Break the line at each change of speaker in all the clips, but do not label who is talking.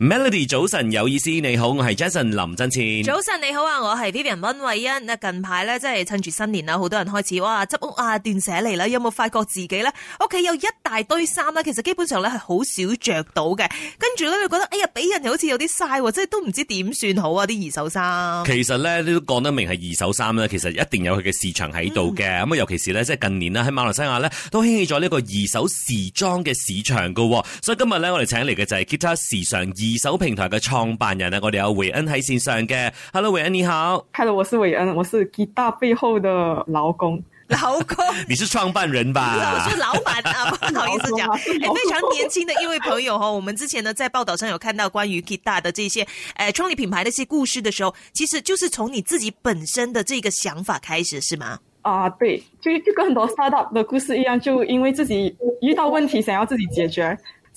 Melody，早晨有意思，你好，我係 Jason 林振前。早
晨你好啊，我係 Vivian 溫慧欣。啊，近排咧，即係趁住新年啦，好多人開始哇執屋啊斷捨離啦。有冇發覺自己咧屋企有一大堆衫咧？其實基本上咧係好少着到嘅。跟住咧，就覺得哎呀俾人又好似有啲晒喎，即係都唔知點算好啊啲二手衫。其
實咧，你都講得明係二手衫咧，其實一定有佢嘅市場喺度嘅。咁啊、嗯，尤其是咧，即係近年啦，喺馬來西亞咧都興起咗呢個二手時裝嘅市場噶。所以今日咧，我哋請嚟嘅就係吉他 t 時尚二手平台嘅創辦人啊，我哋有韋恩喺線上嘅，Hello，韋恩，你好
，Hello，我是韋恩，我是 Gita 背後的老公，老
公工， 你是創辦人吧？ 我是老闆啊，不好意思講。誒、啊，非常、欸、年
輕的一位朋友哈、哦， 我們之前呢在報道上有看到關於 Gita 的這些誒創、呃、立品牌的一些故事的時候，其實就是從你自己本身的這個想法開始，是嗎？
啊，uh, 對，就就跟很多 startup 的故事一樣，就因為自己遇到問題，想要自己解決。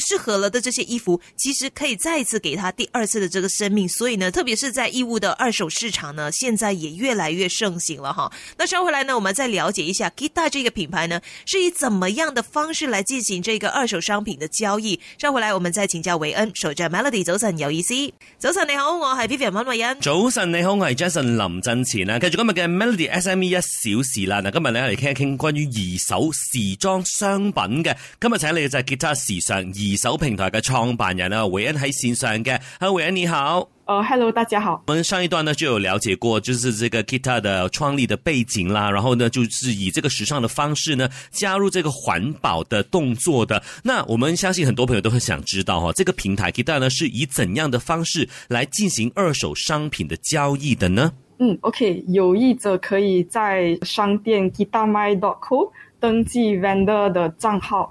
適合了的這些衣服，其實可以再次給他第二次的這個生命。所以呢，特別是在義烏的二手市場呢，現在也越來越盛行了哈。那收回來呢，我們再了解一下吉他這個品牌呢，是以怎麼樣的方式來進行這個二手商品的交易？收回來，我們再請教韋恩、徐俊、Melody。早晨有意思，早晨你好，我係 v i v i a n 人溫偉恩。
早晨你好，我係 Jason 林振前啊。繼續今日嘅 Melody SME 一小時啦。嗱，今日咧嚟傾一傾關於二手時裝商品嘅。今日請你嘅就係吉他 t 時尚二手平台嘅創辦人呢？韋恩喺線上嘅，Hello，韋恩你好，誒、uh，Hello，大家好。我們上一段呢就有了解過，就是這個 Kita 的創立的背景啦，然後呢，就是以這個時尚的方式呢，加入這個環保的動作的。那我們相信很多朋友都很想知道、哦，哈，這個平台 Kita 呢是以怎樣的方式來進行二手商品的交易的呢？嗯
，OK，有意者可以在商店 kita.my.co 登記 vendor 的賬號。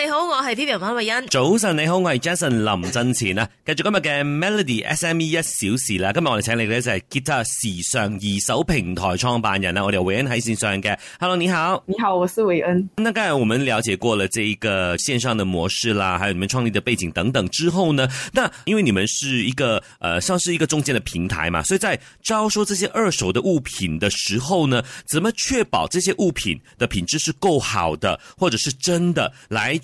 你好，我係 Pia 潘偉恩。
早晨，你好，我係 Jason 林振前啊。繼續今日嘅 Melody SME 一小時啦。今日我哋請嚟嘅就係吉他時尚二手平台創辦人啦。我哋偉恩喺線上嘅，Hello，你好，你好，我是偉恩。咁啊，我們了解過了這一個線上的模式啦，還有你們創立的背景等等之後呢？那因為你們是一個，呃，像是一個中間的平台嘛，所以在招收這些二手的物品的時候呢，怎麼確保這些物品的品質是夠好的，或者是真的來？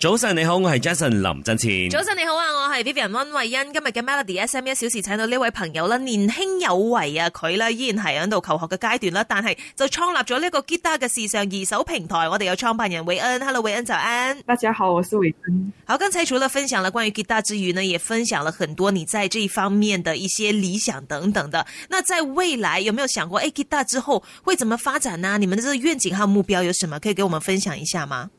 早晨你好，我係 Jason 林振前。早
晨你好啊，我係 Vivian 溫慧恩。今日嘅 Melody S M E 一小時，請到呢位朋友啦，年輕有為啊，佢呢依然係喺度求學嘅階段啦，但係就創立咗呢個吉他嘅時尚二手平台。我哋有創辦人偉恩，Hello 偉恩早安。n 大家好，我是偉恩。好，剛才除了分享了關於吉他之餘呢，也分享了很多你在這一方面的一些理想等等的。那在未來有沒有想過，誒、哎，吉他之後會怎麼發展呢？你們的這個願景和目標有什麼可以給我們分享一下嗎？